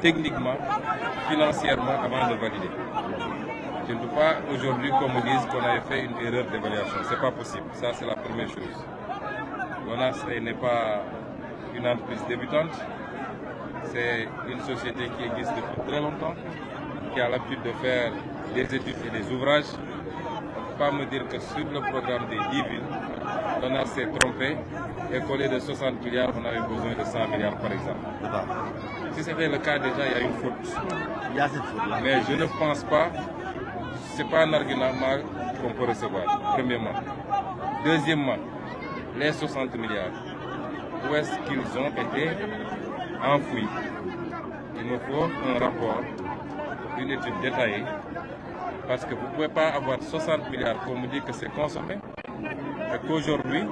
techniquement, financièrement, avant de valider. Je ne veux pas aujourd'hui qu'on me dise qu'on a fait une erreur d'évaluation. Ce n'est pas possible. Ça, c'est la première chose. L'ONAS n'est pas une entreprise débutante. C'est une société qui existe depuis très longtemps, qui a l'habitude de faire des études et des ouvrages pas me dire que sur le programme des 10 villes, on a s'est trompé et qu'au lieu de 60 milliards, on avait besoin de 100 milliards par exemple. Si c'était le cas déjà, il y a une faute. Mais je ne pense pas, ce n'est pas un argument qu'on peut recevoir, premièrement. Deuxièmement, les 60 milliards, où est-ce qu'ils ont été enfouis Il nous faut un rapport, une étude détaillée parce que vous ne pouvez pas avoir 60 milliards pour me dire que c'est consommé et qu'aujourd'hui,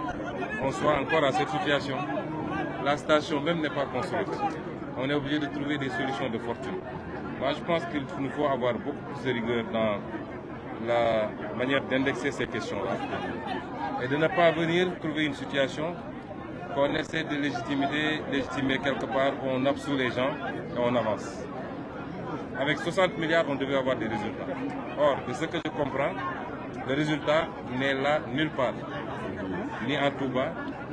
on soit encore à cette situation. La station même n'est pas construite. On est obligé de trouver des solutions de fortune. Moi, je pense qu'il nous faut avoir beaucoup plus de rigueur dans la manière d'indexer ces questions-là. Et de ne pas venir trouver une situation qu'on essaie de légitimer, légitimer quelque part, où on absout les gens et on avance. Avec 60 milliards, on devait avoir des résultats. Or, de ce que je comprends, le résultat n'est là nulle part. Ni à Touba,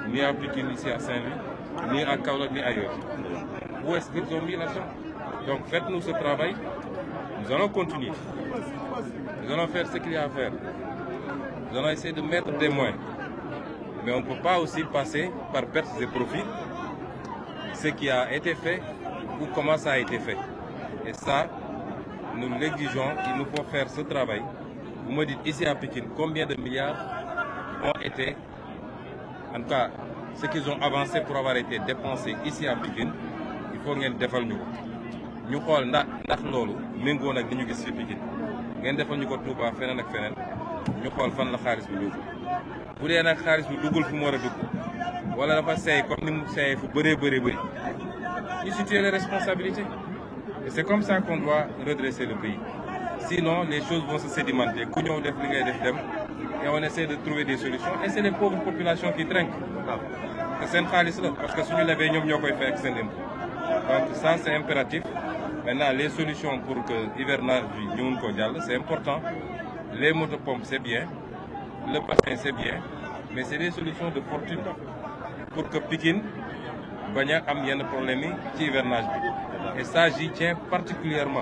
ni à Pékin, ici à Saint-Louis, ni à ni ailleurs. Où est-ce qu'ils ont mis l'argent Donc faites-nous ce travail. Nous allons continuer. Nous allons faire ce qu'il y a à faire. Nous allons essayer de mettre des moyens. Mais on ne peut pas aussi passer par perte et profits ce qui a été fait ou comment ça a été fait. Et ça, nous l'exigeons, il nous faut faire ce travail. Vous me dites ici à Pékin combien de milliards ont été, en tout cas, ce qu'ils ont avancé pour avoir été dépensés ici à Pékin, il faut ngeen nous. Nous nous. ñu xool ndax nous loolu méngoo nous avons ñu gis ci Pikine nous defal nous la les et c'est comme ça qu'on doit redresser le pays. Sinon, les choses vont se sédimenter. Et on essaie de trouver des solutions. Et c'est les pauvres populations qui trinquent. C'est parce que si nous l'avons, nous faire avec Donc ça, c'est impératif. Maintenant, les solutions pour que l'hivernage du Kodial, c'est important. Les motopompes, c'est bien. Le bassin, c'est bien. Mais c'est des solutions de fortune pour que Pékin hivernage et ça j'y tiens particulièrement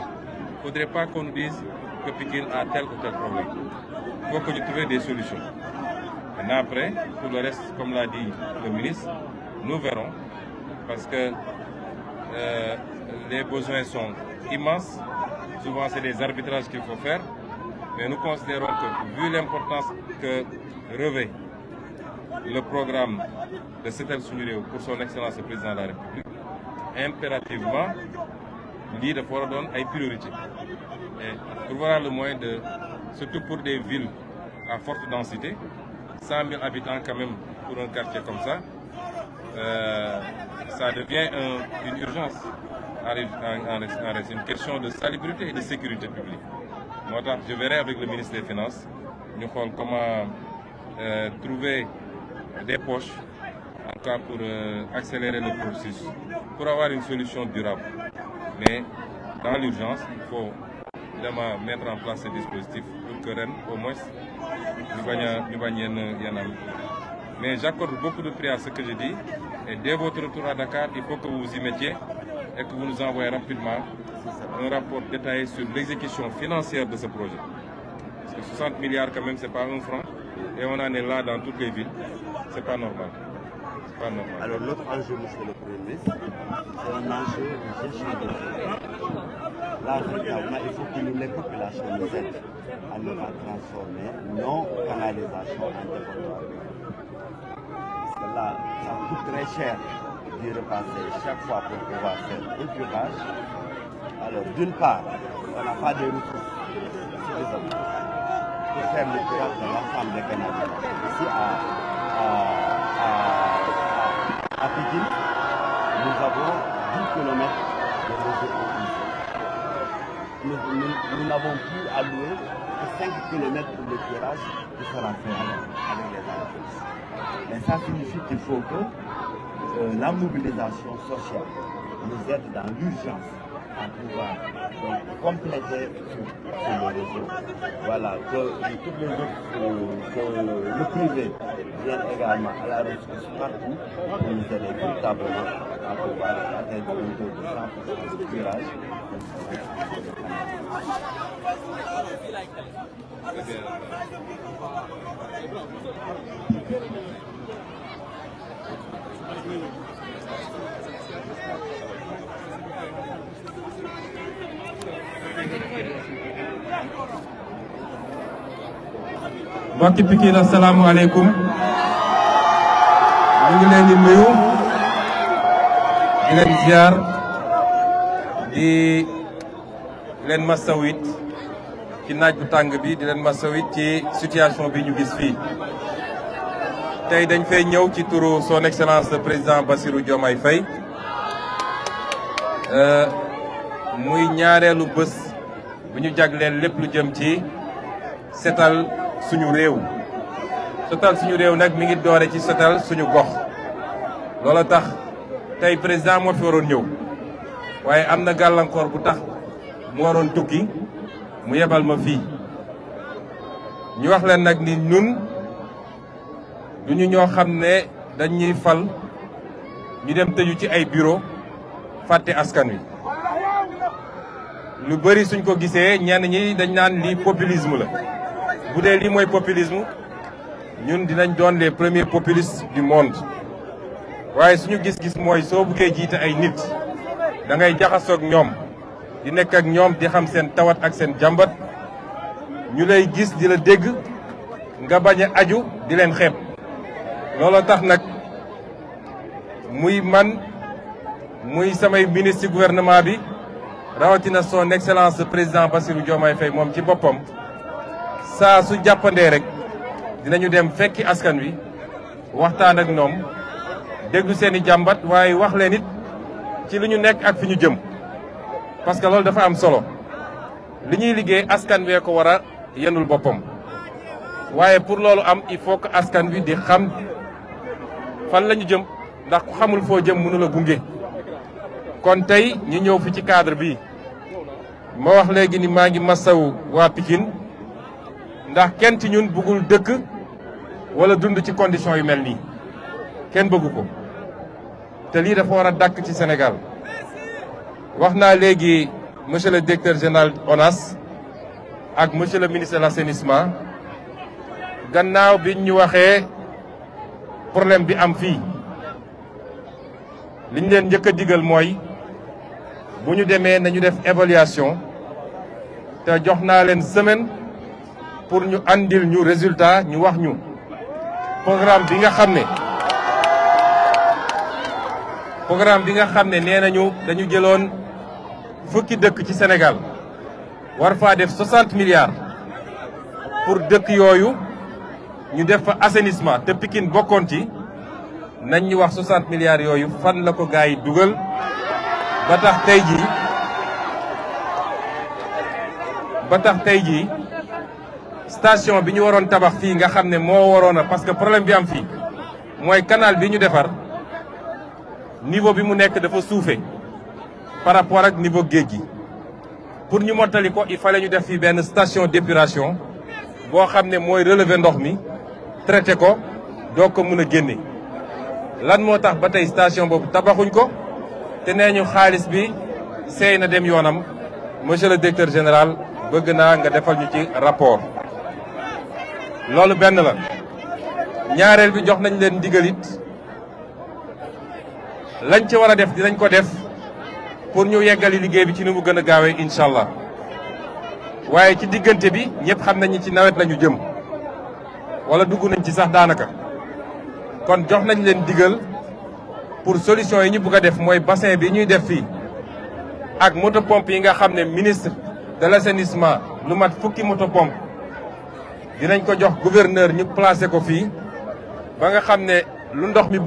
il ne faudrait pas qu'on nous dise que Pikine a tel ou tel problème il faut que nous trouvions des solutions maintenant après pour le reste comme l'a dit le ministre nous verrons parce que euh, les besoins sont immenses souvent c'est des arbitrages qu'il faut faire mais nous considérons que vu l'importance que revêt le programme de cette Suñu pour son excellence le président de la République impérativement dit de fordon est priorité et trouvera le moyen de surtout pour des villes à forte densité 100 000 habitants quand même pour un quartier comme ça euh, ça devient une urgence c'est une question de salubrité et de sécurité publique Moi je verrai avec le ministre des finances nous comment euh, trouver des poches, en pour euh, accélérer le processus, pour avoir une solution durable. Mais dans l'urgence, il faut évidemment mettre en place ce dispositif pour que Rennes, au moins, euh, Mais j'accorde beaucoup de prix à ce que je dis. Et dès votre retour à Dakar, il faut que vous vous y mettiez et que vous nous envoyez rapidement un rapport détaillé sur l'exécution financière de ce projet. Parce que 60 milliards, quand même, c'est pas un franc. Et on en est là dans toutes les villes. C'est pas normal. Pas normal. Alors l'autre enjeu, monsieur le Premier ministre, c'est un enjeu de gestion de Là, il faut que nous, les populations nous aident à nous transformer non canalisation en dépotoir. Parce que là, ça coûte très cher d'y repasser chaque fois pour pouvoir faire un purage. Alors d'une part, on n'a pas de ressources hommes. pour faire le curage de l'ensemble des Canadiens. Ici à à, à, Pékin, nous avons 10 km de réseau Nous, nous, nous n'avons plus alloué que 5 km pour le tirage qui sera fait avec, les entreprises. Et ça signifie qu'il faut que euh, la mobilisation sociale nous aide dans l'urgence à pouvoir compléter tout sur le réseau. Voilà, que, les autres euh, que le privé Wakil également à la ressource partout pour nous aider véritablement à pouvoir atteindre taux de 100% de ñu ngi leen di nuyu di leen ziar di leen masawit ci naaj bu tàng bi di leen masawit ci situation bi ñu gis fii tey dañ fay ñëw ci turu son excellence le président basiru Diomaye Faye euh, muy ñaareelu bés bu ñu leen lépp lu jëm ci setal suñu réew setal suñu réew nag mi ngi doore ci setal suñu gox loola tax tey président moo fi waroon ñëw waaye am na gàllankoor bu tax mu waroon tukki mu yebal ma fii ñu wax leen nag ni ñun du ñu ñoo xam ne dañuy fal ñu dem tëju ci ay buro fàtte askan wi lu bëri suñ ko gisee ñenn ñi dañ naan lii populisme la bu dee lii mooy populisme ñun dinañ doon les premiers populis di monde waaye suñu gis-gis mooy soo buggee jiite ay nit dangay ngay jaxasoog ñoom di nekk ak ñoom di xam seen tawat ak seen jàmbat ñu lay gis di la dégg nga bañ a aju di leen xeeb looloo tax nag muy man muy samay ministre ci gouvernement bi rawatina son excellence le président Bassirou Diomaye Faye moom ci boppam saa su jàppandee rek dinañu dem fekki askan wi waxtaan ak noom déggu seeni jambat jàmbat waaye wax leen it ci li nekk ak fi ñu jëm parce que loolu dafa am solo li ñuy liggéey askan wee ko war a boppam waaye pour loolu am il faut que askan wi di xam fan la ñu jëm ndax ku xamul foo jëm mënu la gunge kon tey ñu ñëw fi ci cadre bi ma wax léegi ni maa ngi masawu waa Pikine ndax kenn ci ñun bëggul dëkk wala dund ci condition yu mel nii kenn bëggu té li dafa wara dak ci Sénégal waxna légui monsieur le directeur général ONAS ak monsieur le ministre de l'assainissement gannaaw biñ ñu waxé problème bi am fi liñ leen njëkk a moy mooy bu ñu demee nañu def évaluation té joxna leen semaine pour ñu andil ñu résultat ñu wax ñu programme bi nga xamné programme bi nga xamné ne nañu dañu jëlone fukki dëkk ci Sénégal war fa def 60 milliards pour dëkk yoyu ñu def fa assainissement te Pikine bokon ci nañ ñu wax 60 milliards yoyu fan la ko gaay duggal ba tax tay ji ba tax tay ji station bi ñu waroon tabax fi nga xamné mo warona parce que problème bi am fi moy canal bi ñu niveau bi mu nek dafa suufee par rapport ak niveau géej pour ñu mottali ko il fallait ñu def fi ben station d'épuration bo xamné moy relever ndox mi traiter ko doog ko mën a lan moo tax station bobu tabaxuñ ko té néñu ñu bi seey na dem monsieur le directeur général bëgg na nga défal ñu ci rapport lolu ben la ñaarël bi jox nañ leen digëlit lañ ci wara def dinañ ko def pour ñu yeggali liggéey bi ci ni mu gën a gaawee incha ci digënté bi ñepp xam nañ ci nawet lañu jëm wala duggu nañ ci sax daanaka kon jox nañ leen digal pour solution yi ñu bëgg def moy bassin bi ñuy def fi ak moto pompe yi nga xamné ministre de l'assainissement lu mat fukki moto pompe dinañ ko jox gouverneur ñu placer ko fi ba nga xamné lu ndox mi